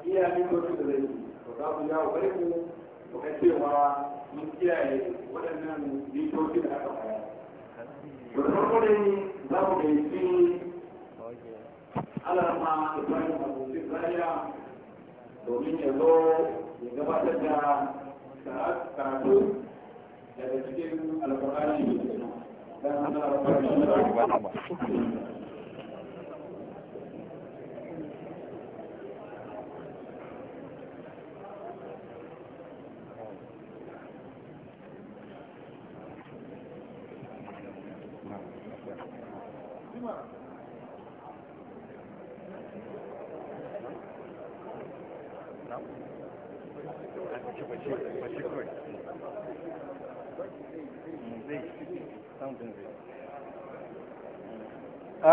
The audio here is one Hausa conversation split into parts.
ko wasu da zai to za mu jawo gare mu mu ga cewa mun kiyaye waɗannan dokoki da aka fara to da farko dai za mu gaici alarma ibrahim abokin zariya domin ya zo oh, ya gabatar da karatu daga cikin alfahari da ke alfahari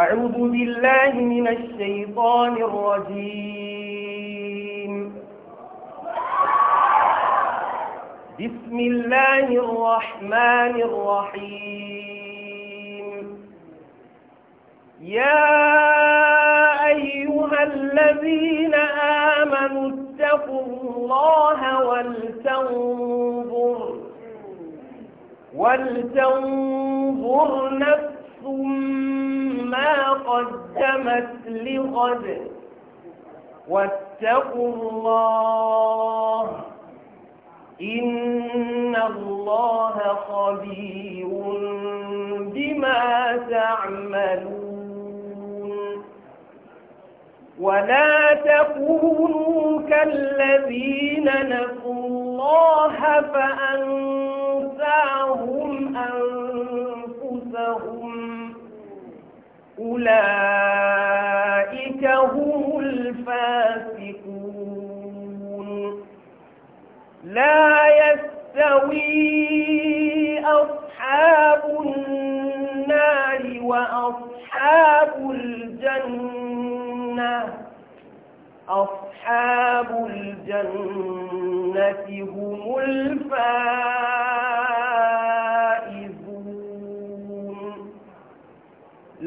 أعوذ بالله من الشيطان الرجيم بسم الله الرحمن الرحيم يا أيها الذين آمنوا اتقوا الله ولتنظر ولتنظر نفس ما قدمت لغد واتقوا الله إن الله خبير بما تعملون ولا تكونوا كالذين نسوا الله فأنساهم أنفسهم أولئك هم الفاسقون لا يستوي أصحاب النار وأصحاب الجنة أصحاب الجنة هم الفاسقون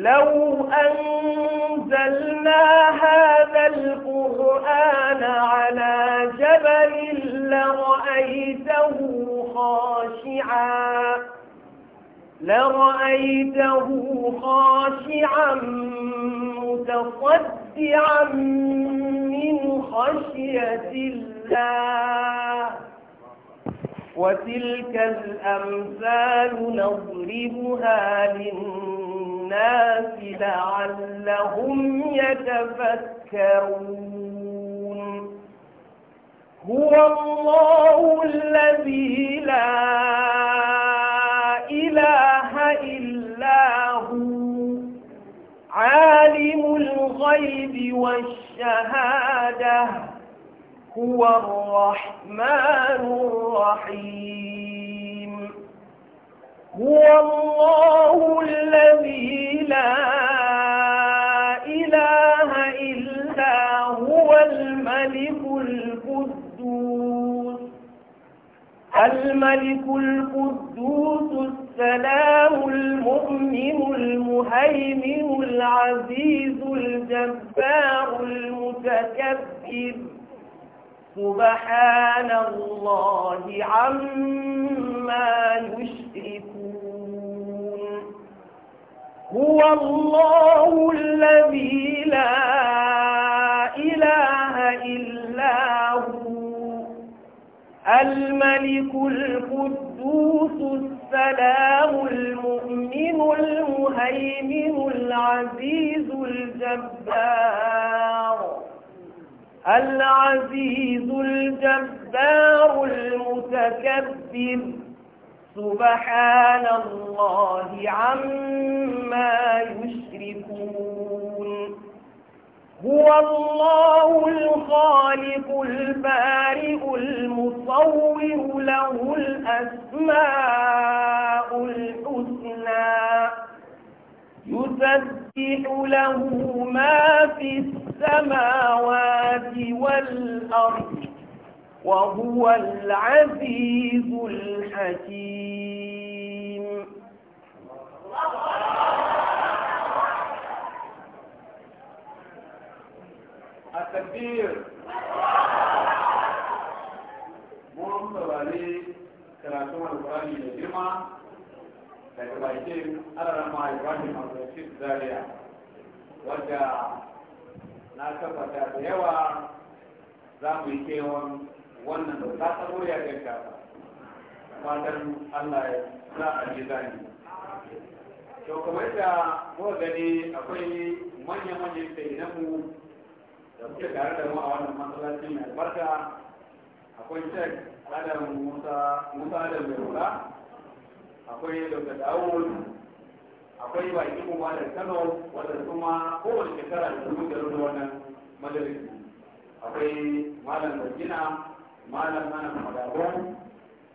لو أنزلنا هذا القرآن على جبل لرأيته خاشعا لرأيته خاشعا متصدعا من خشية الله وتلك الأمثال نضربها للناس الناس لعلهم يتفكرون هو الله الذي لا إله إلا هو عالم الغيب والشهادة هو الرحمن الرحيم هو الله الذي لا إله إلا هو الملك القدوس الملك القدوس السلام المؤمن المهيمن العزيز الجبار المتكبر سبحان الله عما يشرك هو الله الذي لا إله إلا هو الملك القدوس السلام المؤمن المهيمن العزيز الجبار العزيز الجبار المتكبر سبحان الله عما يشركون هو الله الخالق البارئ المصور له الأسماء الحسنى يسبح له ما في السماوات والأرض وهو العزيز الحكيم التكبير mun saurari karatun alkurani da girma daga bakin alarama ibrahim abdulrashid zaria wadda na tabbata da yawa za mu yi kewan wannan da ta tsaro ya kai kafa fatan Allah ya sa a ji zani to kamar da muka gani akwai manya-manyan sayyanmu da suke tare da mu a wannan masallaci mai albarka akwai shek adam musa musa da mai rura akwai dr dawud akwai baki kuma da kano wanda kuma kowace shekara da su da wannan majalisi akwai malam zargina malam mana magabon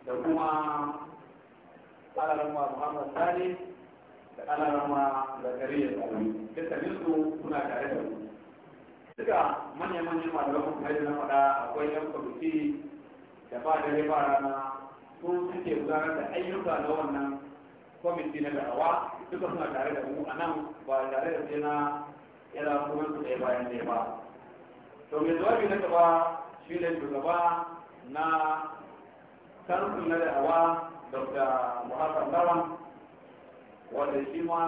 da kuma alarama muhammad sani da alarama zakariya sani dukkanin su kuna tare da mu duka manya-manyan malaman kuma yadda na faɗa akwai yan kwamiti da ba dare ba rana su suke gudanar da ayyuka na wannan kwamiti na da'awa duka suna tare da mu a nan ba tare da sai na yana kuma su ɗaya bayan ɗaya ba to mai jawabi na gaba shi ne shugaba na kanku na da da'awa dr muhammad lawan wanda shi ma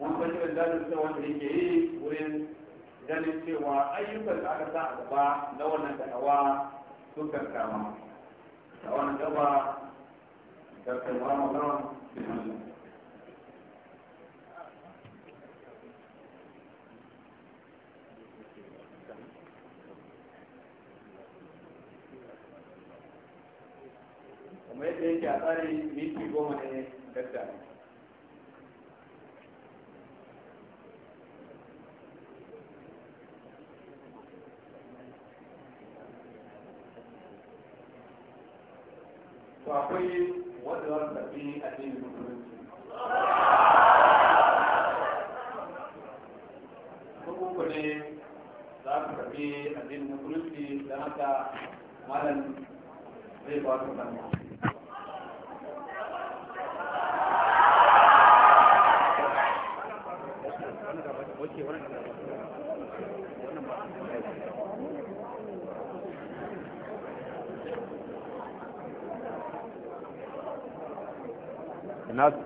mun san irin dalilin wanda yake yi wurin ganin cewa ayyukan da aka sa a gaba na wannan da da'awa sun karkama a wannan gaba dr muhammad lawan yake a tsari minti goma ne dakta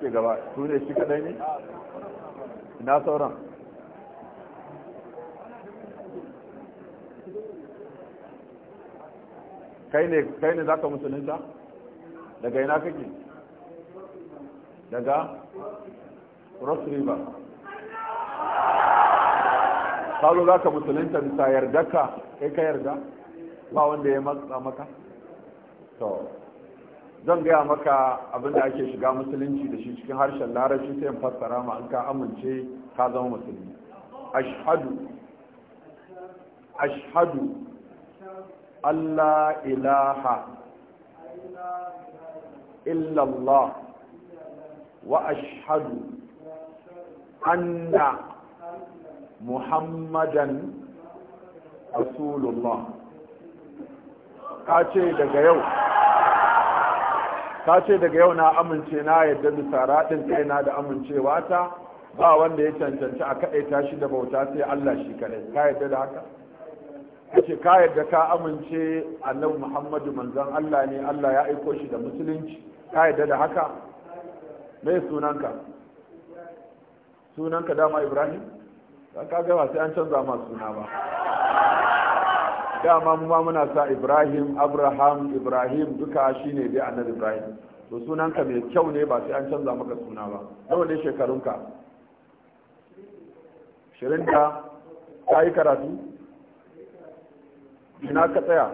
ce gaba su ne shi kadai ne ina sauran kai ne kai ne zaka musulunta daga ina kake daga cross river kalu za ka musulunta bisa yarda ka kai ka yarda ba wanda ya matsa maka to zan gaya maka abin da ake shiga musulunci da shi cikin harshen larabci sai in fassara ma an ka amince ka zama musulmi ashhadu ashhadu allah ilaha illallah wa ashhadu anna muhammadan rasulullah ka ce daga yau ka ce daga yau na amince na yadda bisa raɗin kaina da amincewa ta ba wanda ya cancanci a kaɗaita shi da bauta sai Allah shi kaɗai ka yadda da haka Ka ce ka yadda ka amince annabi Muhammadu manzon Allah ne Allah ya aiko shi da musulunci ka yadda da haka me sunanka sunanka dama Ibrahim ka ga ba sai an canza ma suna ba dama mu ma muna sa ibrahim abraham ibrahim duka shine dai annabi ibrahim to sunanka mai kyau ne ba sai an canza maka suna ba nawa ne shekarunka shirinka ka yi karatu ina ka tsaya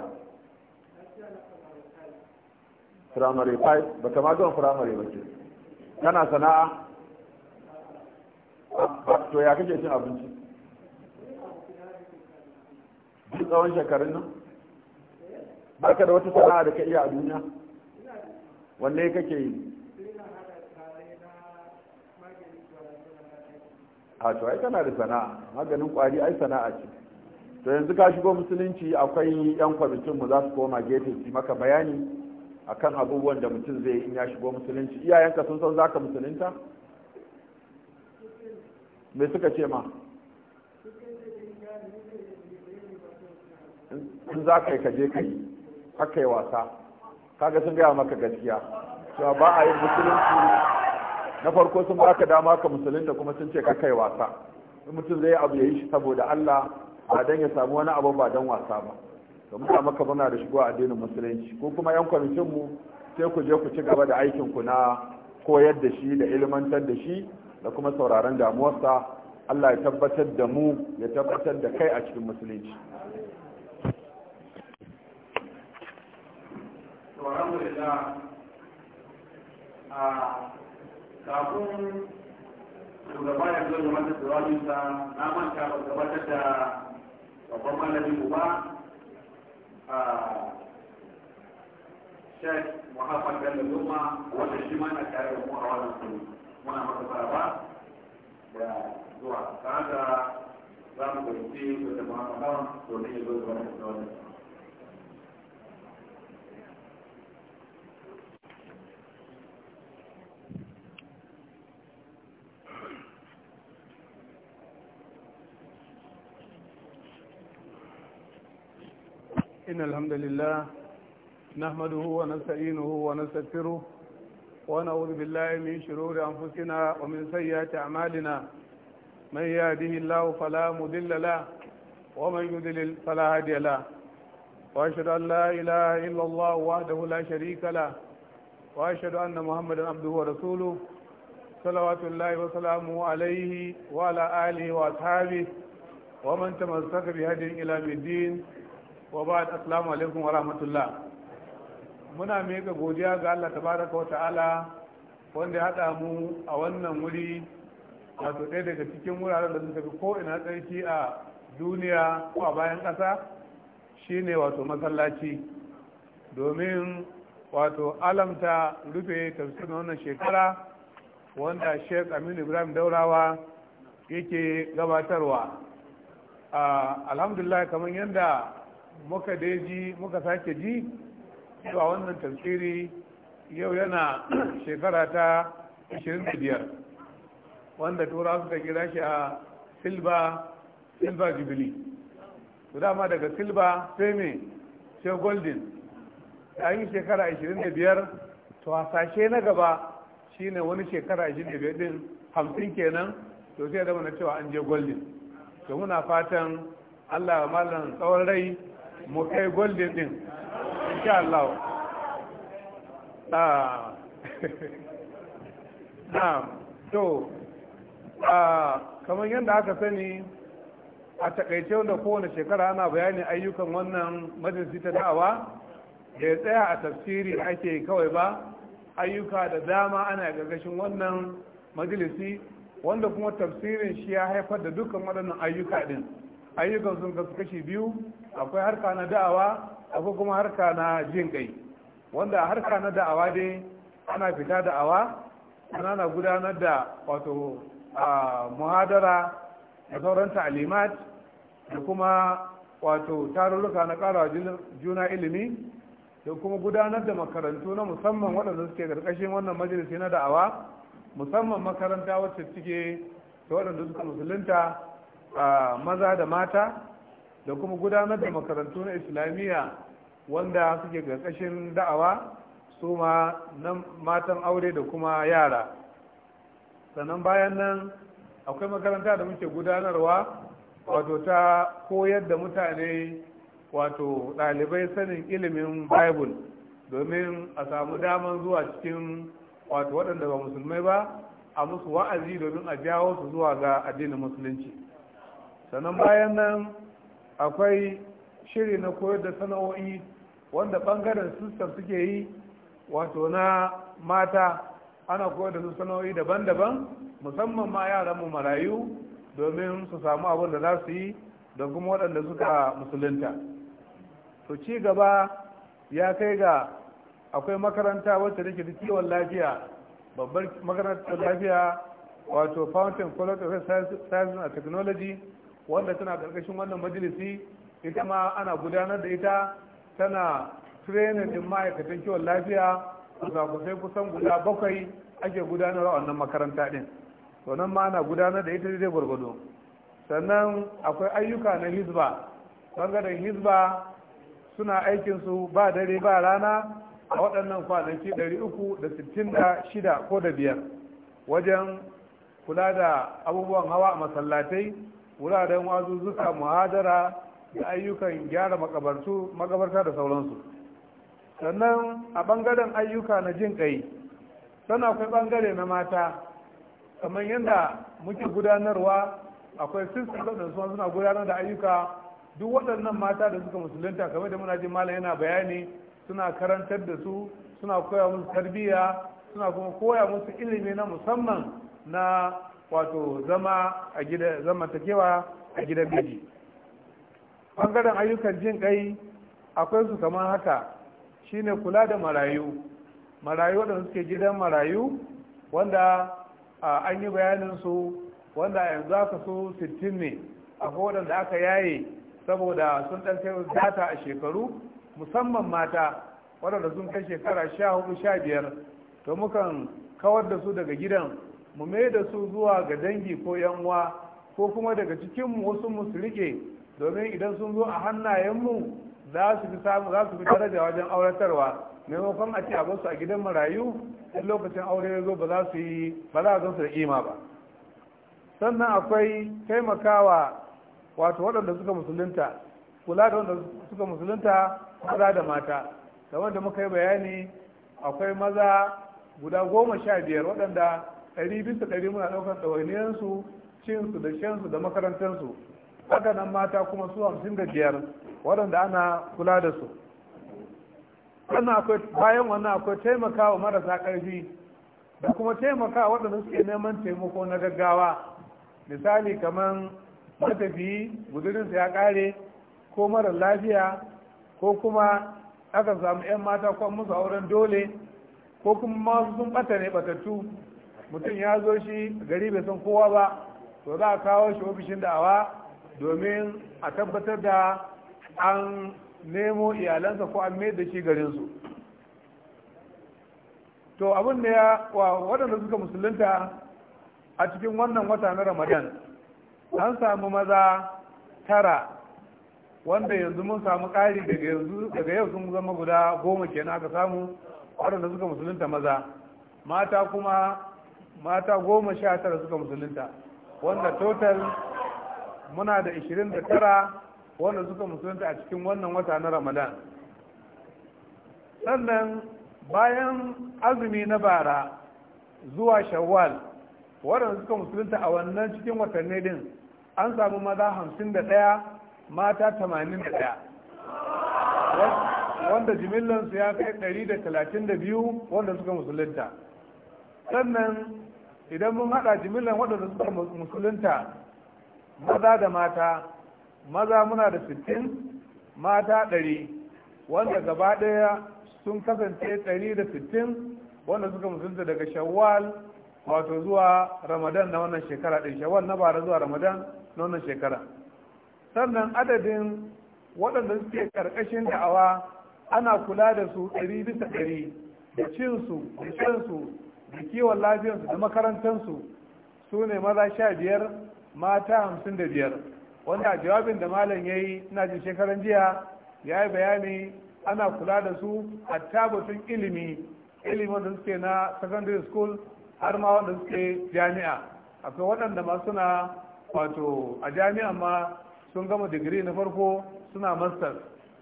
firamare 5 ba kama gama firamare ba ke kana sana'a ah, ah, to ya kake cin abinci duk tsawon shekarun nan ba ka da wata sana'a da ka iya a duniya wanne kake yi a to ai kana da sana'a maganin kwari ai sana'a ce to yanzu ka shigo musulunci akwai yan kwamitin mu za su koma gefe su maka bayani akan abubuwan da mutum zai in ya shigo musulunci iyayenka sun san zaka musulunta me suka ce ma in za ka yi ka je ka yi haka yi wasa kaga sun gaya maka gaskiya cewa ba a yi musulunci na farko sun ba ka dama ka musulun da kuma sun ce ka kai wasa in mutum zai abu ya yi shi saboda Allah ba dan ya samu wani abu ba dan wasa ba to muka maka muna da shigo addinin musulunci ko kuma yan kwamitin mu sai ku je ku ci gaba da aikin ku na koyar da shi da ilmantar da shi da kuma sauraron damuwarsa Allah ya tabbatar da mu ya tabbatar da kai a cikin musulunci to alhamdulillah a kafin shugaba ya zo da mata turaminsa na manta ba gabatar da babban malamin uba a Sheikh Muhammad Bello Zuma wanda shi ma na tare da mu a wannan sani muna masa baraba da zuwa kaga za mu gaice da Muhammad domin ya zo da wannan إن الحمد لله نحمده ونستعينه ونستغفره ونعوذ بالله من شرور أنفسنا ومن سيئات أعمالنا من يهده الله فلا مضل له ومن يضلل فلا هادي له وأشهد أن لا إله إلا الله وحده لا شريك له وأشهد أن محمدا عبده ورسوله صلوات الله وسلامه عليه وعلى آله وأصحابه ومن تمسك بهدي إلى الدين wa ba assalamu alaikum wa rahmatullah muna mega godiya ga Allah tabaraka wa ta'ala wanda ya haɗa mu a wannan wuri wato ɗaya daga cikin wuraren da suka fi ko ina tsarki a duniya ko a bayan ƙasa shine wato masallaci domin wato alamta rufe na wannan shekara wanda sheikh aminu ibrahim daurawa yake gabatarwa ah, alhamdulillah kamar yadda muka dai ji muka sake ji cewa wannan tafsiri yau yana shekara ta 25 wanda tura suka kira shi a silba silba jubili to dama daga silba sai sai golden an yi shekara 25 to hasashe na gaba shine wani shekara 25 din hamsin kenan to sai da mana cewa an je golden to muna fatan allah malam tsawon rai mu kai golden din insha Allah ah to ah kamar yadda aka sani a takaice wanda kowane shekara ana bayani ayyukan wannan majalisi ta da'awa da ya tsaya a tafsiri ake kawai ba ayyuka da dama ana gargashin wannan majalisi wanda kuma tafsirin shi ya haifar da dukkan waɗannan ayyuka din ayyukan sun kasu kashi biyu akwai harka na da'awa akwai kuma harka na jin kai wanda harka na da'awa dai ana fita da'awa ana gudanar da wato muhadara da sauran ta'alimat da kuma wato tarurruka na karawa juna ilimi da kuma gudanar da makarantu na musamman waɗanda suke karkashin wannan majalisi na da'awa musamman makaranta wacce suke da waɗanda suka musulunta maza da mata da kuma gudanar da makarantu na islamiyya wanda suke ƙarƙashin da'awa su ma matan aure da kuma yara sannan bayan nan akwai makaranta da muke gudanarwa wato ta koyar da mutane wato ɗalibai sanin ilimin bible domin a samu daman zuwa cikin wato waɗanda ba musulmai ba a musu wa'azi domin a jawo su zuwa ga addinin musulunci sannan bayan nan akwai shiri na koyar da sana'o'i wanda bangaren sistan suke yi wato na mata ana koyar da su sana'o'i daban-daban musamman ma yaran mu marayu domin su samu abin da za su yi da kuma waɗanda suka musulunta to ci gaba ya kai ga akwai makaranta wacce take da kiwon lafiya babbar makarantar lafiya wato fountain college of science and technology wanda tana karkashin wannan majalisi ita ma ana gudanar da ita tana training din ma'aikatan kiwon lafiya kusa kusan guda bakwai ake gudanar a wannan makaranta din to nan ma ana gudanar da ita dai gwargwado sannan akwai ayyuka na hizba bangaren hizba suna aikinsu ba dare ba rana a waɗannan kwanaki shida ko da biyar wajen kula da abubuwan hawa a masallatai wuraren wazuzzuka muhadara da ayyukan gyara makabartu makabarta da sauransu sannan a bangaren ayyuka na jin kai sannan akwai bangare na mata kamar yadda muke gudanarwa akwai sistar da suna suna gudanar da ayyuka duk waɗannan mata da suka musulunta kamar da muna jin malam yana bayani suna karantar da su suna koya musu tarbiyya suna kuma koya musu ilimi na musamman na wato zama a gida zama kewa a gidan miji bangaren ayyukan jin kai akwai su kamar haka shine kula da marayu marayu waɗanda suke gidan marayu wanda an yi bayanin su wanda yanzu aka so sittin ne akwai waɗanda aka yaye saboda sun ɗan kai data a shekaru musamman mata waɗanda sun kai shekara 14-15 sha biyar to mukan kawar da su daga gidan mu mai da su zuwa ga dangi ko yanwa ko kuma daga cikinmu wasu musu rike domin idan sun zo a hannayenmu za su fi samu za su fi daraja wajen auratarwa maimakon a ce a basu a gidan marayu in lokacin aure ya zo ba za su yi ba za su da kima ba sannan akwai taimakawa wato waɗanda suka musulunta kula da waɗanda suka musulunta maza da mata kamar da muka yi bayani akwai maza guda goma sha biyar waɗanda ɗari bisa ɗari muna ɗaukar ɗawainiyarsu cinsu da shansu da makarantarsu haka mata kuma su hamsin da biyar waɗanda ana kula da su bayan wannan akwai taimakawa marasa ƙarfi da kuma taimakawa waɗanda suke neman taimako na gaggawa misali kamar matafiyi gudurinsa ya ƙare ko mara lafiya ko kuma aka samu 'yan mata kwan musu auren dole ko kuma masu sun ɓata ne ɓatattu mutum ya zo shi gari bai san kowa ba to za a kawo shi ofishin da'awa domin a tabbatar da an nemo iyalansa ko an mayar da shi garinsu to abin da ya waɗanda suka musulunta a cikin wannan wata na ramadan an samu maza tara wanda yanzu mun samu ƙari daga yanzu daga yau sun zama guda goma kenan aka samu waɗanda suka musulunta maza mata kuma mata goma sha tara suka musulunta wanda total muna da ishirin da tara wanda suka musulunta a cikin wannan wata na ramadan sannan bayan azumi na bara zuwa shawwal waɗanda suka musulunta a wannan cikin watanni din an samu maza hamsin da ɗaya mata tamanin da ɗaya wanda jimillansu ya kai ɗari da talatin da biyu wanda suka musulunta sannan idan mun haɗa jimillan waɗanda suka musulunta maza da mata maza muna da sittin mata ɗari wanda gaba ɗaya sun kasance ɗari da sittin wanda suka musulunta daga shawwal wato zuwa ramadan na wannan shekara ɗin shawwal na bara zuwa ramadan na wannan shekara sannan adadin waɗanda suke ƙarƙashin da'awa ana kula da su ɗari bisa ɗari da cinsu da shansu da kiwon lafiyarsu da makarantarsu su ne maza sha biyar mata hamsin da biyar wanda a jawabin da malam ya yi na jin shekaran jiya ya yi bayani ana kula da su a tabbatun ilimi ilimin da suke na secondary school har ma wanda suke jami'a akwai waɗanda ma suna wato a jami'a ma sun gama digiri na farko suna masters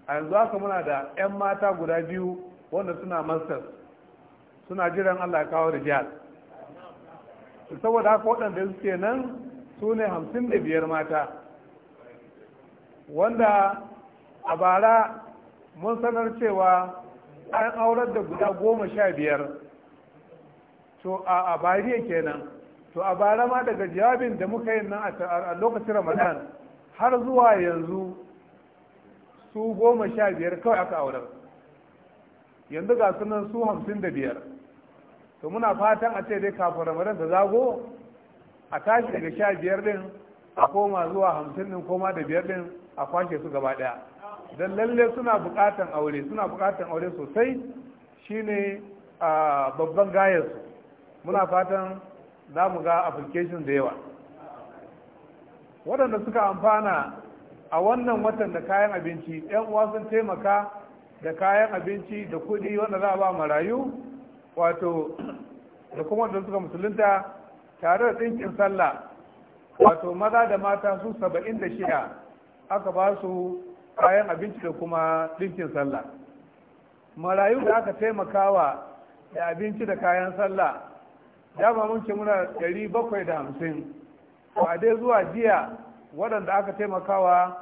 a yanzu haka muna da 'yan mata guda biyu wanda suna masters suna jiran Allah ya kawo rijal saboda haka waɗanda suke nan su ne hamsin da biyar mata wanda a bara mun sanar cewa an aurar da guda goma sha biyar to a ke kenan to a bara ma daga jawabin da muka yi nan a lokacin ramadan har zuwa yanzu su goma sha biyar kawai aka aurar yanzu ga sunan su hamsin da biyar to muna fatan a ce dai kafin ramadan ta zago a tashi daga sha biyar din a koma zuwa hamsin din koma da biyar din a kwashe su gaba daya don lalle suna bukatan aure suna bukatan aure sosai shine a babban su muna fatan za mu ga application da yawa waɗanda suka amfana a wannan watan da kayan abinci 'yan uwa sun taimaka da kayan abinci da kuɗi wanda za a ba marayu wato da kuma wanda suka musulunta tare da ɗinkin sallah wato maza da mata su saba'in da shida aka ba su kayan abinci da kuma ɗinkin sallah marayu da aka taimakawa da abinci da kayan sallah dama mun ce muna ɗari bakwai da hamsin ba dai zuwa jiya waɗanda aka taimakawa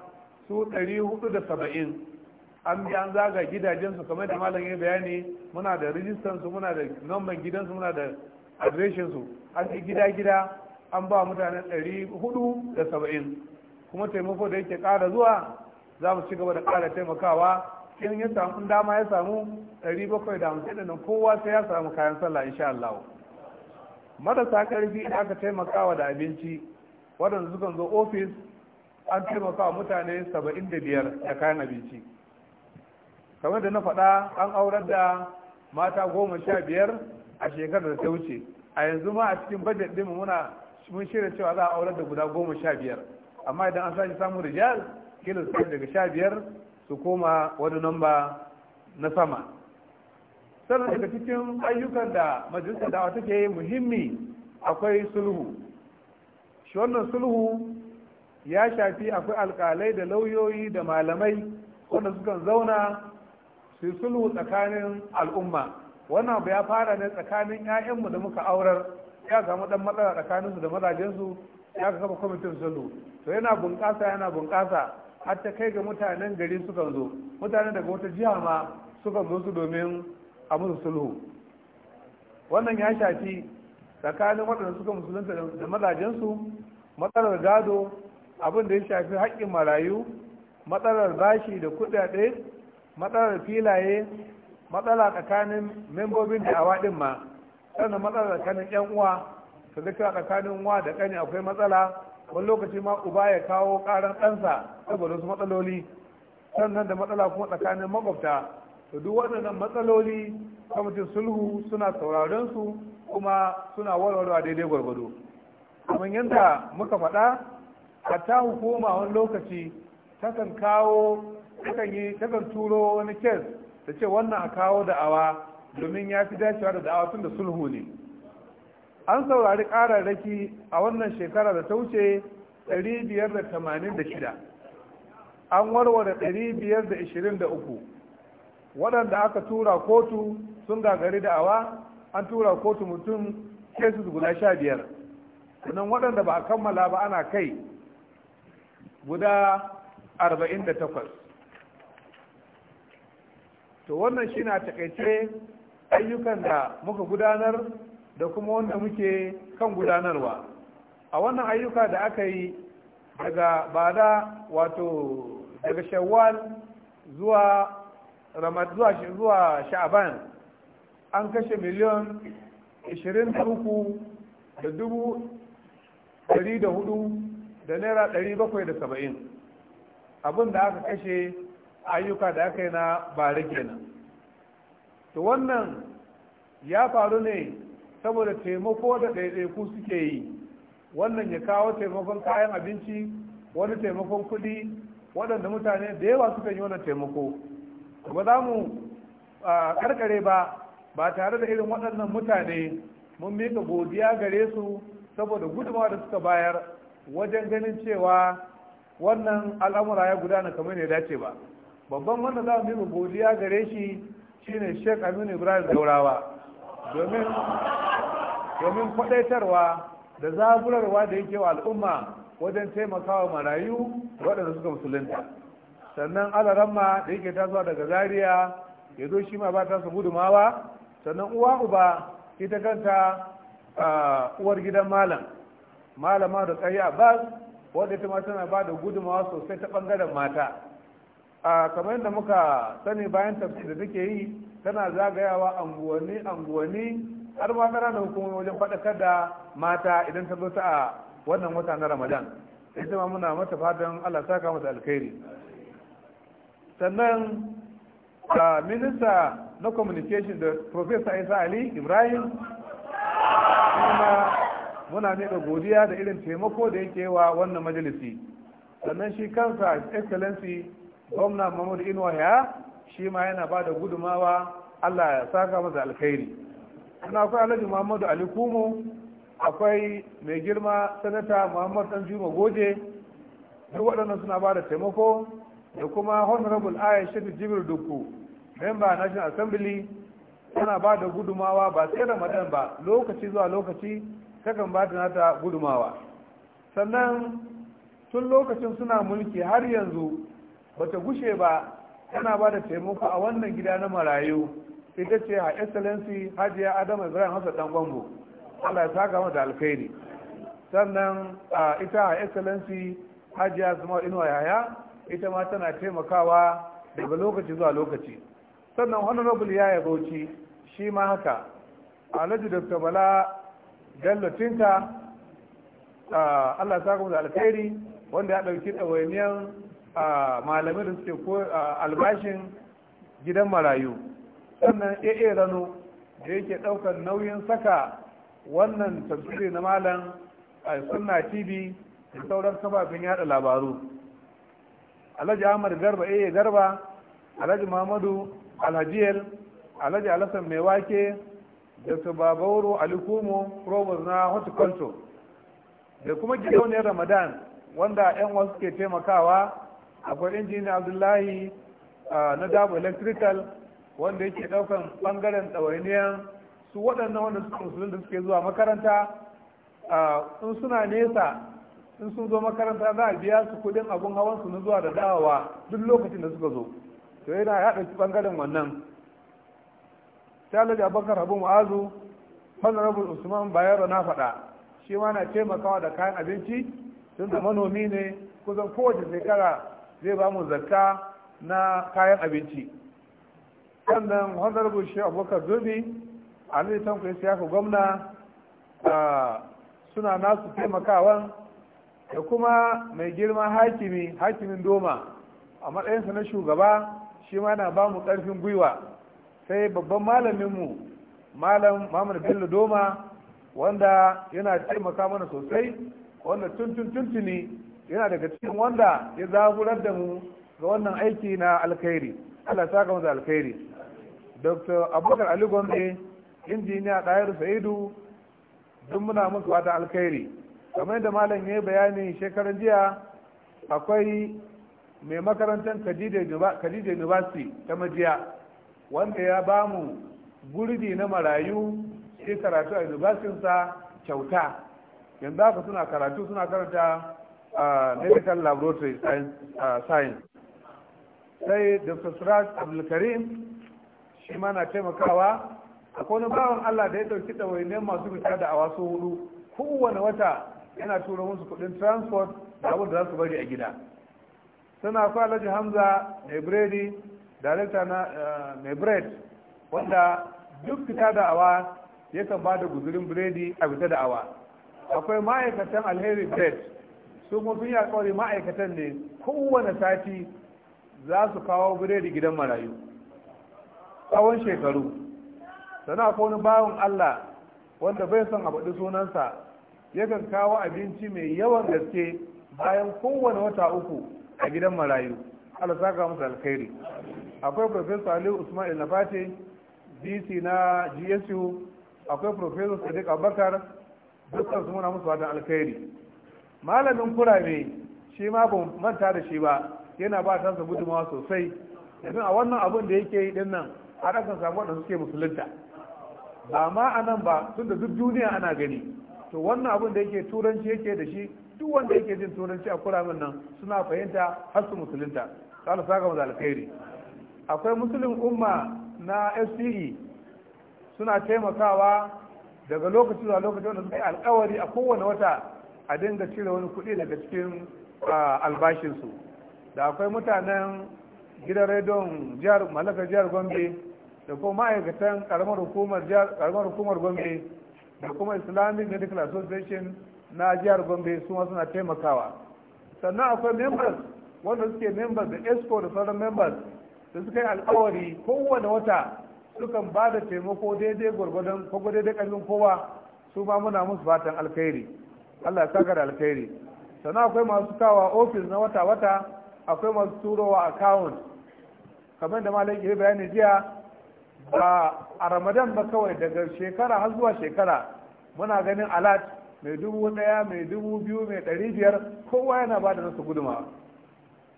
su ɗari hudu da saba'in an bi an zaga gidajensu kamar da malam ya bayani muna da rijistan su muna da nomban gidansu muna da adireshin su an yi gida gida an ba mutane ɗari hudu da saba'in kuma taimako da yake ƙara zuwa za mu ci gaba da ƙara taimakawa in ya samu dama ya samu ɗari bakwai da hamsin da kowa sai ya samu kayan sallah insha Allah marasa ƙarfi da aka taimakawa da abinci waɗanda suka zo ofis an taimakawa mutane saba'in da biyar da kayan abinci kamar da na faɗa an aurar da mata goma sha biyar a shekarar da ta wuce a yanzu ma a cikin bajet ɗin muna mun shirya cewa za a aurar da guda goma sha biyar amma idan an sake samun rijal kila su daga sha biyar su koma wani namba na sama sannan daga cikin ayyukan da majalisar dawa take yi muhimmi akwai sulhu shi wannan sulhu ya shafi akwai alkalai da lauyoyi da malamai wanda sukan zauna su sulhu tsakanin al'umma wannan abu ya fara ne tsakanin 'ya'yanmu da muka aurar ya samu dan matsala tsakaninsu da mazajensu ya kafa kwamitin sulhu to yana bunƙasa yana bunƙasa har ta kai ga mutanen gari sukan zo Mutanen daga wata jiha ma sukan zo su domin a musu sulhu wannan ya shafi tsakanin waɗanda suka musulunta da mazajensu matsalar gado abin da ya shafi haƙƙin marayu matsalar bashi da kuɗaɗe matsalar filaye matsala tsakanin membobin da awa ɗin ma sannan matsalar tsakanin yan uwa su zai cewa tsakanin uwa da kani akwai matsala wani lokaci ma uba ya kawo karan ɗansa saboda su matsaloli sannan da matsala kuma tsakanin makwabta to duk waɗannan matsaloli kamacin sulhu suna sauraron su kuma suna warwarewa daidai gwargwado kamar yadda muka faɗa hatta hukuma wani lokaci takan kawo takan yi takan turo wani kes ta ce wannan a kawo da'awa domin ya fi dacewa da da'awa tun da sulhu ne an saurari ƙararraki a wannan shekara da ta wuce 586 an warware 523 waɗanda aka tura kotu sun gagari da'awa an tura kotu mutum kesu guda sha biyar sannan waɗanda ba a kammala ba ana kai guda arba'in da takwas to wannan shi na takaice ayyukan da muka gudanar da kuma wanda muke kan gudanarwa a wannan ayyuka da aka yi daga bada wato daga shawwal zuwa ramad zuwa zuwa sha'aban an kashe miliyon 23 da dubu 104 da naira 770 abin da aka kashe ayyuka da aka yi na bari kenan to wannan ya faru ne saboda taimako da ɗaiɗaiku suke yi wannan ya kawo taimakon kayan abinci wani taimakon kuɗi waɗanda mutane da yawa suka yi wannan taimako ba za mu karkare ba ba tare da irin waɗannan mutane mun miƙa godiya gare su saboda gudunmawa da suka bayar wajen ganin cewa wannan al'amura ya gudana kamar ne dace ba babban wanda za mu godiya gare shi shine Sheikh Aminu Ibrahim Daurawa domin kwadaitarwa da zaburarwa da yake wa al'umma wajen taimakawa marayu waɗanda suka musulunta sannan alaramma da yake tasowa daga zaria ya zo shi ma ba ta su gudumawa sannan uwa uba ita kanta uwar gidan malam malama da a bas, wadda ita ma tana ba da gudumawa sosai ta ɓangaren mata a kamar yadda muka sani bayan tafsir da take yi tana zagayawa anguwanni anguwanni har ma tana da hukumomi wajen faɗakar da mata idan ta zo ta a wannan wata na ramadan ita ma muna mata fatan allah saka mata alkhairi sannan a minista na communication da professor isa ali ibrahim muna muna da godiya da irin taimako da yake wa wannan majalisi sannan shi kansa excellency gwamna mahmud inuwa ya shi ma yana ba da gudumawa allah ya saka masa alkhairi suna akwai alhaji muhammadu ali kumo akwai mai girma sanata muhammad Anjima goje duk waɗannan suna ba da taimako da kuma honorable aya shafi jibir dukku member national assembly suna ba da gudumawa ba sai ramadan ba lokaci zuwa lokaci takan ba da nata gudumawa sannan tun lokacin suna mulki har yanzu bata gushe ba tana ba da taimako a wannan gida na marayu ita ce a excellency hajiya adamu ibrahim hassan dan gwambo allah ya saka mata alkhairi sannan ita a excellency hajiya zuma inuwa yaya ita ma tana taimakawa daga lokaci zuwa lokaci sannan honorable yi bauchi shi ma haka alhaji dr bala gallo tinka allah ya saka mata alkhairi wanda ya ɗauki ɗawainiyar malamai da suke ko albashin gidan marayu sannan AA rano da yake ɗaukar nauyin saka wannan tabbiri na malam a sunna tv da sauran kafafen yada labaru alhaji ahmad garba AA garba alhaji muhammadu alhajiyar alhaji alasan mai wake da su babauro alikumo robert na horticulture da kuma gidauniyar ramadan wanda 'yan wasu ke taimakawa akwai injiniya abdullahi na dabo electrical wanda yake daukan bangaren tsawainiyan su waɗannan wanda suka musulun da suke zuwa makaranta in suna nesa in sun zo makaranta za a biya su kudin abun hawan su na zuwa da dawowa duk lokacin da suka zo to yana ya ɗauki bangaren wannan shalaji abubakar abu mu'azu honorable usman bayero na faɗa shi ma na taimakawa da kayan abinci tun da manomi ne kusan kowace shekara zai ba mu zakka na kayan abinci sannan honorable shi Abokan zobe a nan tanko ya siya gwamna suna nasu taimakawan da kuma mai girma hakimi hakimin doma a matsayinsa na shugaba shi ma na ba mu ƙarfin gwiwa sai babban malaminmu malam mamar bello doma wanda yana taimaka mana sosai wanda tuntun tuntuni yana daga cikin wanda ya zaburar da mu ga wannan aiki na alkhairi Allah ya saka masa alkhairi Dr. Abubakar Ali Gombe injiniya Dayar Saidu duk muna muku wata alkhairi kamar yadda malam ya bayani shekaran jiya akwai mai makarantar Kadija University ta Majiya wanda ya ba mu gurbi na marayu shi karatu a universitinsa kyauta yanzu haka suna karatu suna karanta medical laboratory science sai dr suraj abdulkarim shi ma na taimakawa akwai wani bawan allah da ya ɗauki ɗawainiyar masu fita da awa su hudu kowane wata yana tura musu kuɗin transport da abin da za su bari a gida suna kwa alhaji hamza nebredi darekta na nebred eh, wanda duk fita da awa yakan ba da guzurin biredi a fita da awa akwai ma'aikatan alheri bread su kuma sun yi ma'aikatan ne kowane sati za su kawo biredi gidan marayu tsawon shekaru sana ko wani bawan allah wanda bai son a baɗi sunansa yakan kawo abinci mai yawan gaske bayan kowane wata uku a gidan marayu allah saka musu alkhairi akwai profesor aliyu usman nafate dc na gsu akwai profesor sadiq abakar dukkan su muna musu wata alkhairi malamin kurame shi ma ban manta da shi ba yana ba a kansa gudunmawa sosai yanzu a wannan abin da yake yi dinnan a ɗakan samu waɗanda suke musulunta ba ma a nan ba tun da duk duniya ana gani to wannan abun da yake turanci yake da shi duk wanda yake jin turanci a kuramin nan suna fahimta har su musulunta kala saka mu da alkhairi akwai musulun umma na fce suna taimakawa daga lokaci zuwa lokaci wanda suka yi alkawari a kowane wata a dinga cire wani kuɗi daga cikin albashinsu da akwai mutanen gidan rediyon jihar jihar gombe da kuma ma'aikatan karamar hukumar gombe da kuma islamic medical association na jihar gombe su ma suna taimakawa sannan akwai members wanda suke members da esco da sauran members da suka yi alkawari kowane wata sukan ba da taimako daidai gwargwadon ko daidai karfin kowa su ma muna musu fatan alkhairi Allah ya saka da alkhairi sannan akwai masu kawa ofis na wata wata akwai masu turowa account kamar da malam ya bayani jiya ba a ramadan ba kawai daga shekara har zuwa shekara muna ganin alat mai dubu daya mai dubu biyu mai ɗari biyar kowa yana ba da nasu guduma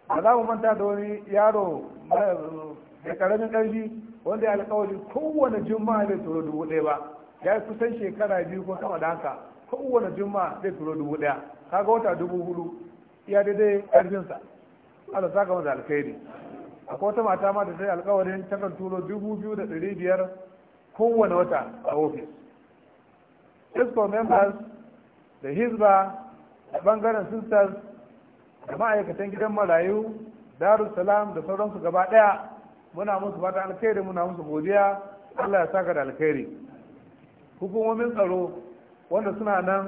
ba za mu manta da wani yaro eh, mai karamin ƙarfi wanda ya alƙawari kowane juma'a mai turo dubu ɗaya ba ya kusan shekara biyu ko sama da haka kowane juma'a zai turo dubu daya kaga wata dubu hudu ya daidai ƙarfinsa Allah saka masa alkhairi akwai wata mata ma da ta alkawarin takan turo dubu biyu da ɗari biyar kowane wata a ofis isco members da hisba da bangaren sisters da ma'aikatan gidan marayu darussalam da sauransu gaba ɗaya muna musu fata alkhairi muna musu godiya allah ya saka da alkhairi hukumomin tsaro wanda suna nan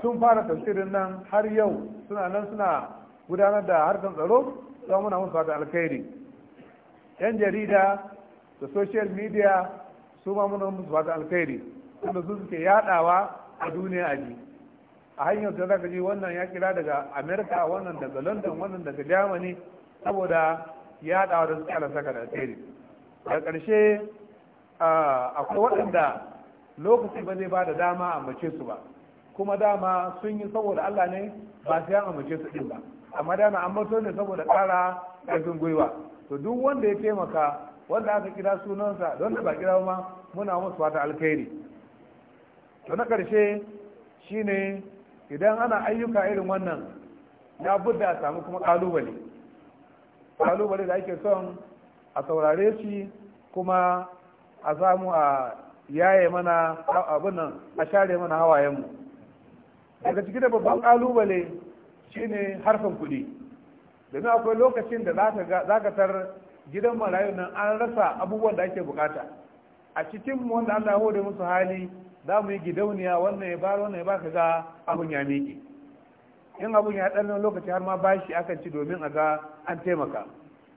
tun fara tafsirin nan har yau suna nan suna gudanar da harkar tsaro za muna musu fata alkhairi yan jarida da social media su ma muna musu fata alkhairi wanda su suke yadawa a duniya a ji a hanyar da zaka ji wannan ya kira daga america wannan daga london wannan daga germany saboda yadawa da suka saka da alkhairi da ƙarshe akwai waɗanda lokaci ba zai ba da dama a mace su ba kuma dama sun yi saboda Allah ne ba yi an mace su din ba amma dama an mato ne saboda ƙara ƙarfin gwiwa to duk wanda ya taimaka wanda aka kira sunansa don da ba kira ma muna musu fata alkhairi to na ƙarshe shine idan ana ayyuka irin wannan ya budda a samu kuma ƙalubale ƙalubale da ake son a saurare shi kuma a samu a yaye mana abin nan a share mana hawayenmu daga ciki da babban kalubale shine harfan kuɗi domin akwai lokacin da za ka tar gidan marayu nan an rasa abubuwan da ake bukata a cikin wanda Allah ya hore musu hali za mu yi gidauniya wannan ya wannan ya baka ga abun ya miƙe in abun ya ɗan lokaci har ma bashi akan ci domin a ga an taimaka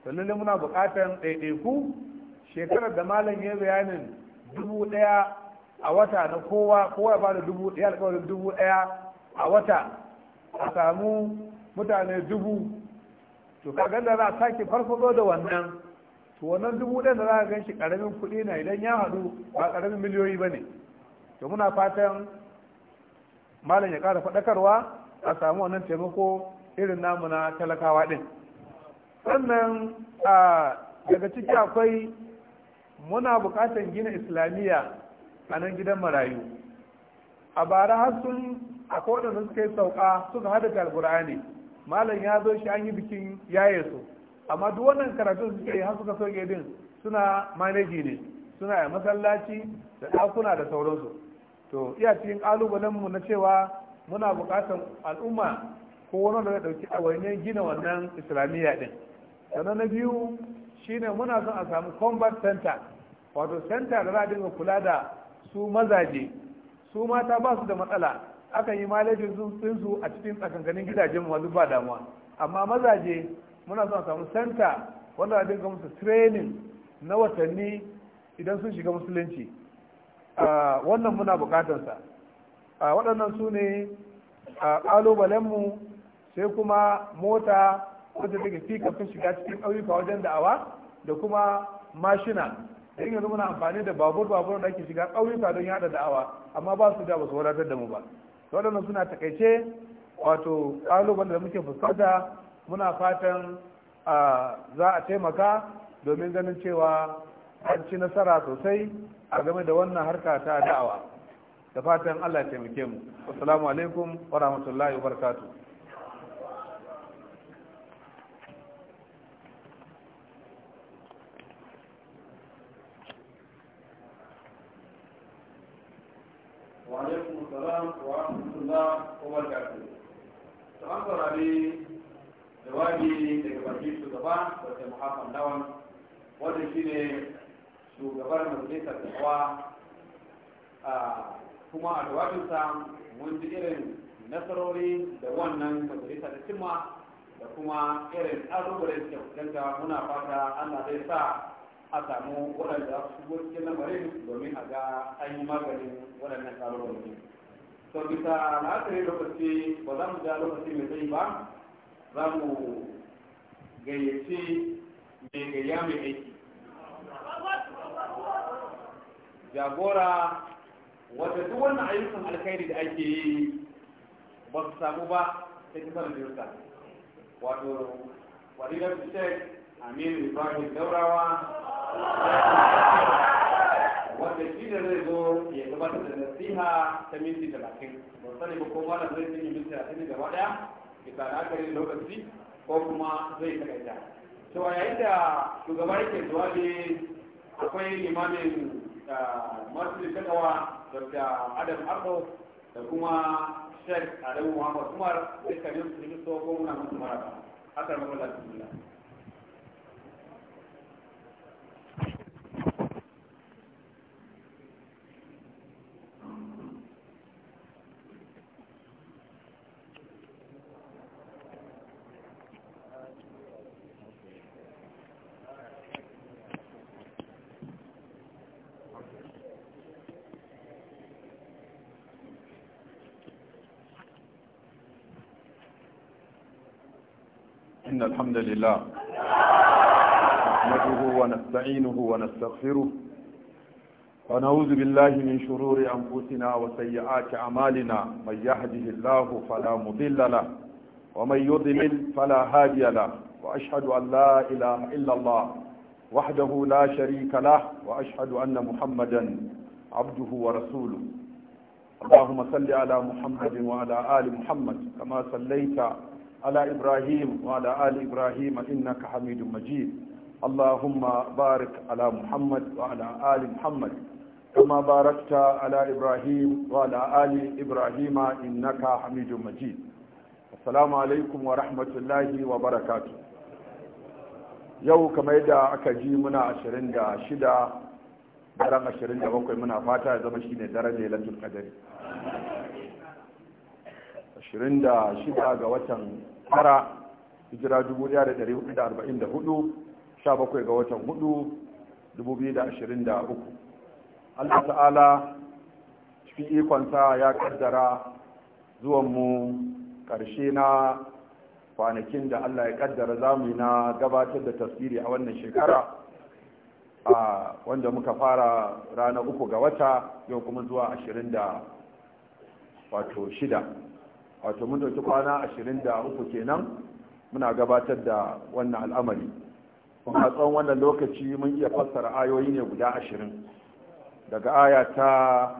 to lallai muna bukatan ɗaiɗaiku shekarar da malam ya bayanin dubu ɗaya a wata na kowa kowa ya bada dubu ɗaya alƙawarin dubu ɗaya a wata a samu mutane dubu to kaga da za a sake farfado da wannan to wannan dubu ɗaya da za a ganshi ƙaramin kuɗi na idan ya haɗu ba ƙaramin miliyoyi ba ne to muna fatan malam ya ƙara faɗakarwa a samu wannan taimako irin namu na talakawa ɗin sannan daga ciki akwai muna bukatar gina islamiyya a nan gidan marayu a bara har sun a kowaɗanda suka yi sauka suka hada ta albur'ani malam ya zo shi an yi bikin yaye su amma duk wannan karatun suka yi har suka soke din suna maneji ne suna yi masallaci da ɗakuna da sauransu to iya cikin ƙalubalenmu na cewa muna bukatar al'umma ko wani da zai ɗauki a wani gina wannan islamiyya din sannan na biyu shine muna son a samu combat center wato senta da za a dinga kula da su mazaje su mata ba su da matsala akan yi sun su a cikin tsakankanin gidajen wani ba damuwa amma mazaje muna son a samu senta wanda a dinga musu training na watanni idan sun shiga musulunci wannan muna bukatansa waɗannan su ne ƙalubalenmu sai kuma mota wadda take fi kafin shiga cikin ƙauyuka wajen da'awa da kuma mashina in yanzu muna amfani da babur babur da ake shiga ƙauyuka don yada da'awa amma ba su da ba wadatar da mu ba waɗannan suna takaice wato ƙalubale da muke fuskanta muna fatan za a taimaka domin ganin cewa an ci nasara sosai a game da wannan harka ta da'awa da fatan allah ya taimake mu assalamu alaikum wa rahmatullahi wa barakatuh shugaba wata muhammad lawan wanda shi ne shugabar majalisar dawa kuma a jawabinsa mun ji irin nasarori da wannan majalisa ta cimma da kuma irin ƙalubalen da muna fata allah zai sa a samu waɗanda su shigo cikin lamarin domin a ga an yi maganin waɗannan ƙalubalen to bisa la'akari lokaci ba za mu ja lokaci mai tsayi ba za mu gayyace mai gayya mai aiki jagora wata duk wannan ayyukan alkhairi da ake yi ba su samu ba ta kasar jirka wato su shek aminu ibrahim daurawa wata shi da zai zo ya gabatar da nasiha ta minti talatin ba sani ba ko malam zai cinye minti talatin gaba daya aka yi lokaci ko kuma zai takaita to a yayin da shugaba yake ne akwai limamin ah, masu shakawa dr adam ardo da kuma shek adamu muhammad umar dukkanin su ne so ko muna musu maraba akan mamallar bismillah الحمد لله نحمده ونستعينه ونستغفره ونعوذ بالله من شرور أنفسنا وسيئات أعمالنا من يهده الله فلا مضل له ومن يضلل فلا هادي له وأشهد أن لا إله إلا الله وحده لا شريك له وأشهد أن محمدا عبده ورسوله اللهم صل على محمد وعلى آل محمد كما صليت على إبراهيم وعلى آل إبراهيم إنك حميد مجيد اللهم بارك على محمد وعلى آل محمد كما باركت على إبراهيم وعلى آل إبراهيم إنك حميد مجيد السلام عليكم ورحمة الله وبركاته yau kamar yadda aka ji muna 26 daren 27 muna fata ya zama shine daren lailatul qadari 26 ga watan tara hijira 1444 bakwai ga watan 4 2023 Allah ta'ala cikin ikonsa ya kaddara zuwan mu karshe na kwanakin da Allah ya kaddara zamu na gabatar da tasiri a wannan shekara a wanda muka fara rana uku ga wata yau kuma zuwa ashirin da wato shida wato mun dauki kwana ashirin da uku kenan muna gabatar da wannan al'amari kuma tsawon wannan lokaci mun iya fassara ayoyi ne guda ashirin daga aya ta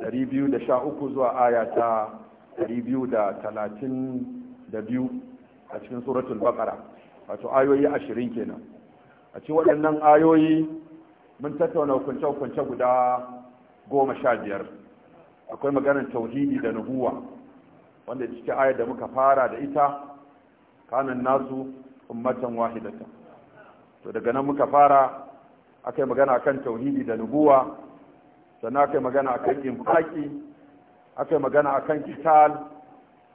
213 zuwa aya ta 232 a cikin suratul baqara wato ayoyi ashirin kenan a cikin waɗannan ayoyi mun tattauna hukunce-hukunce guda goma sha biyar akwai maganar tauhidi da nubuwa wanda cikin ayar da muka fara da ita kanan nasu ummatan wahidata to daga nan muka fara akai magana akan tauhidi da nubuwa sannan akai magana akan infaki akai magana akan kital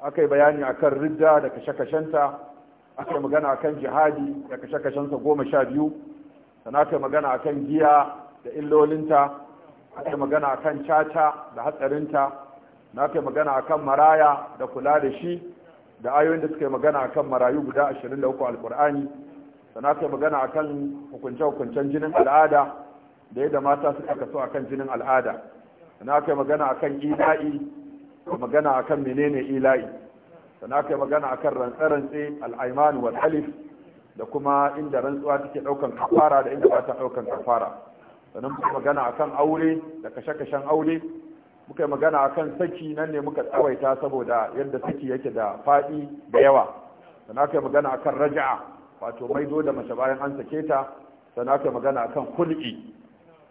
akai bayani akan ridda da kashe-kashenta akai magana akan jihadi da kashe-kashensa goma sha biyu sannan akai magana akan giya da illolinta akai magana akan caca da hatsarinta na kai magana akan maraya da kula da shi da ayoyin da suka yi magana akan marayu guda 23 alkur'ani da na kai magana akan hukunce-hukuncen jinin al'ada da yadda mata suka kaso akan jinin al'ada da na kai magana akan ila'i da magana akan menene ila'i da na kai magana akan rantse al al'aimanu wal alif da kuma inda rantsuwa take daukan kafara da inda ba ta daukan kafara sannan magana akan aure da kashe-kashen aure muka yi magana a kan saki nan ne muka tsawaita saboda yadda saki yake da faɗi da yawa sana ka yi magana a kan raja'a wato maido da mace bayan an sake ta sana ka yi magana a kan kul'i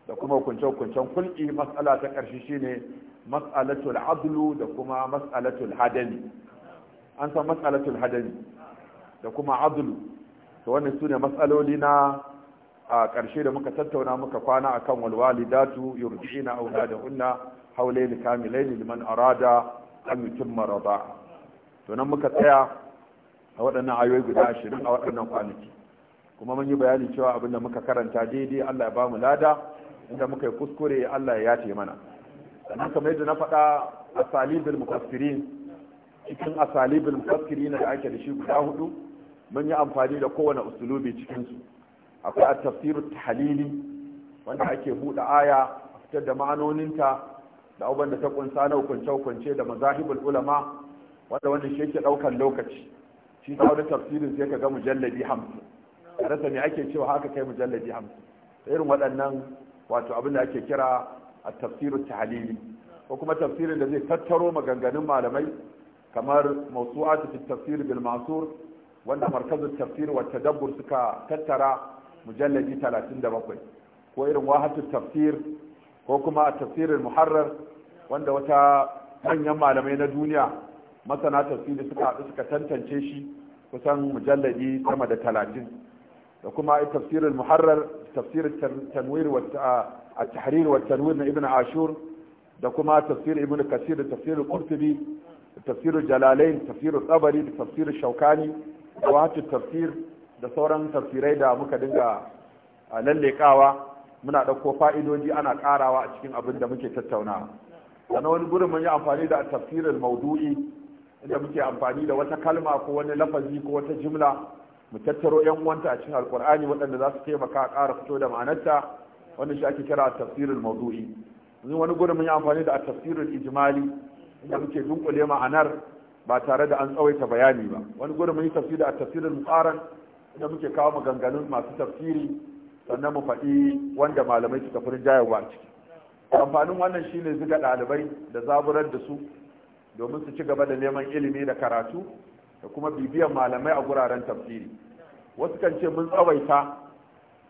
da kuma hukunce-hukuncen kul'i mas'ala ta ƙarshe shine mas'alatul adlu da kuma mas'alatul hadani an san mas'alatul hadani da kuma adlu to wannan ne matsaloli na a ƙarshe da muka tattauna muka kwana akan datu yurji'ina da hunna ni haulaini ni liman arada an mutum maraba to nan muka tsaya a waɗannan ayoyi guda ashirin a waɗannan kwanaki kuma mun yi bayani cewa abin da muka karanta daidai Allah ya ba mu lada inda muka yi kuskure Allah ya yace mana sannan kamar yadda na faɗa asalibul mukaskirin cikin asalibul na da ake da shi guda hudu mun yi amfani da kowane usulubi cikin su akwai a tafsirin wanda ake buɗe aya a fitar da ma'anoninta da abubuwan da ta kunsa na hukunce-hukunce da mazahibul ulama wanda wannan shi yake daukan lokaci shi ta wani tafsirin sai ka ga mujalladi hamsin a rasa me ake cewa haka kai mujalladi hamsin irin waɗannan wato abin da ake kira a tafsirin tahalili ko kuma tafsirin da zai tattaro maganganun malamai kamar mawsu'atu fi tafsirin bil ma'sur wanda markazin tafsir wa tadabbur suka tattara mujalladi 37 ko irin wahatu tafsir ko kuma tafsirin muharrar wanda wata manyan malamai na duniya masana tafsiri suka haɗu suka tantance shi kusan mujalladi sama da talatin da kuma tafsirin muharrar tafsirin tanwir a tahrir wa tanwir na ibn ashur da kuma tafsir ibn kasir da tafsirin qurtubi da tafsirin jalalain tafsirin tsabari da tafsirin shaukani da wahatu tafsir da sauran tafsirai da muka dinga lallekawa muna ɗauko fa'idoji ana karawa a cikin abin da muke tattaunawa sannan wani gurin mun yi amfani da tafsirin maudu'i inda muke amfani da wata kalma ko wani lafazi ko wata jimla mu tattaro yan uwanta a cikin alkur'ani waɗanda za su taimaka a ƙara fito da ma'anarta wanda shi ake kira tafsirin maudu'i mun wani gurin mun yi amfani da tafsirin ijmali inda muke dunkule ma'anar ba tare da an tsawaita bayani ba wani gurin mun yi tafsiri da tafsirin muqaran inda muke kawo maganganun masu tafsiri sannan mu faɗi wanda malamai suka fi jayarwa a ciki amfanin wannan shine zuga ɗalibai da zaburar da su domin su ci gaba da neman ilimi da karatu da kuma bibiyan malamai a guraren tafsiri wasu kan ce mun tsawaita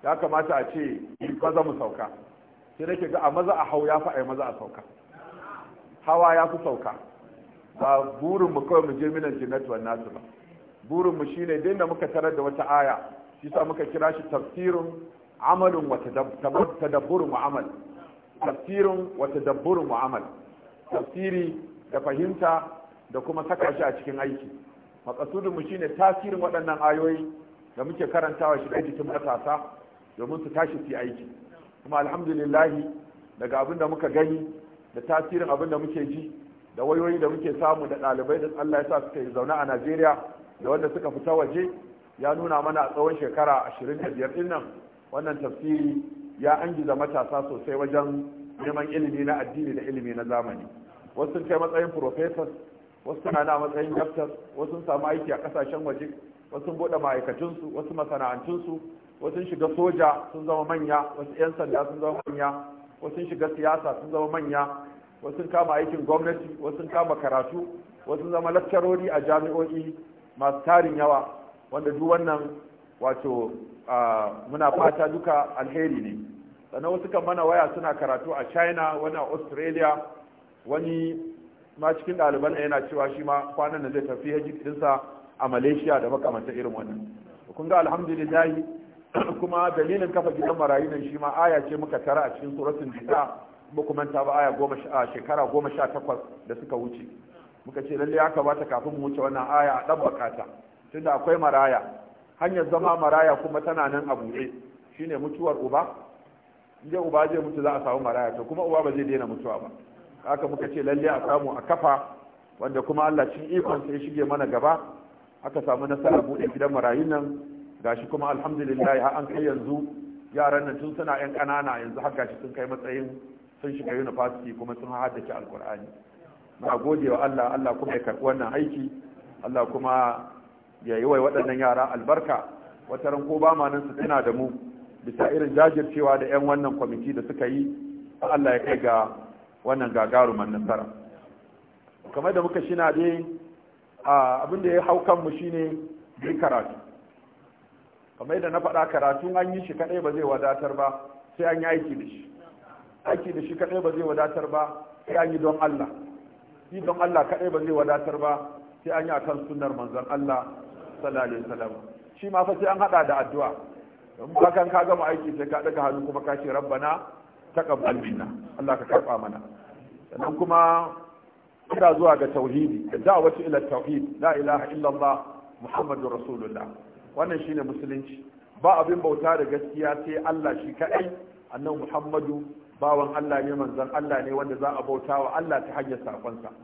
ya kamata a ce maza mu sauka sai nake ga a maza a hau ya fi a maza a sauka hawa ya fi sauka ba burin mu kawai mu je minan jinnatu wa nasu ba burin mu shine da muka tarar da wata aya shi sa muka kira shi tafsirin عمل وتدبر tadabburun wa amal tafsirin wa tadabburun mu'amal tafsiri da fahimta da kuma saka shi a cikin aiki maqasudun mu shine tasirin waɗannan ayoyi da muke karantawa shi da jikin matasa domin su tashi su aiki kuma alhamdulillah daga abin da muka gani da tasirin abin da muke ji da wayoyi da muke samu da ɗalibai da Allah ya sa suka yi zaune a Najeriya da wanda suka fita waje ya nuna mana a tsawon shekara 25 din nan wannan tafsiri ya angiza matasa sosai wajen neman ilimi na addini da ilimi na zamani wasu kai matsayin professors wasu suna na matsayin doctors wasu samu aiki a kasashen waje wasu sun bude ma'aikatunsu wasu masana'antunsu wasu shiga soja sun zama manya wasu 'yan sanda sun zama manya wasu shiga siyasa sun zama manya wasu kama aikin gwamnati wasu kama karatu wasu zama lakcarori a jami'o'i masu tarin yawa wanda duk wannan wato muna fata duka alheri ne sannan wasu kan mana waya suna karatu a china wani a australia wani ma cikin ɗaliban yana cewa shi ma kwanan da zai tafi haji ɗinsa a malaysia da makamanta irin wannan kun ga alhamdulillah kuma dalilin kafa gidan marayu nan shi ma aya ce muka tara a cikin suratun nisa ba kuma ta ba aya goma shekara goma sha takwas da suka wuce muka ce lallai ya kamata kafin mu wuce wannan aya a ɗabbaka ta tunda akwai maraya hanyar zama maraya kuma tana nan a buɗe shine mutuwar uba idan uba zai mutu za a samu maraya to kuma uba ba zai daina mutuwa ba haka muka ce lalle a samu a kafa wanda kuma Allah cin ikon sai shige mana gaba aka samu nasara buɗe gidan marayun nan gashi kuma alhamdulillah har an kai yanzu yaran nan tun suna yan kanana yanzu har gashi sun kai matsayin sun shiga university kuma sun haddace alkur'ani muna gode wa Allah Allah kuma ya karɓi wannan aiki Allah kuma ya yi wa waɗannan yara albarka wata ran ko ba ma nan su tana da mu bisa irin jajircewa da 'yan wannan kwamiti da suka yi Allah ya kai ga wannan gagaruman nasara kamar da muka shina dai abin da ya hau kanmu shine bi karatu kamar da na faɗa karatu an yi shi kaɗai ba zai wadatar ba sai an yi aiki da shi aiki da shi kaɗai ba zai wadatar ba sai an yi don Allah yi don Allah kaɗai ba zai wadatar ba sai an yi akan sunnar manzon Allah sallallahu alaihi wasallam shi ma fa sai an hada da addu'a in kan ka gama aiki sai ka daga hannu kuma ka ce rabbana taqabbal minna Allah ka karba mana sannan kuma kira zuwa ga tauhidi da'awatu ila tauhid la ilaha illa Allah muhammadur rasulullah wannan shine musulunci ba abin bauta da gaskiya sai Allah shi kadai annabi muhammadu bawan Allah ne manzon Allah ne wanda za a bauta wa Allah ta hanyar sakonsa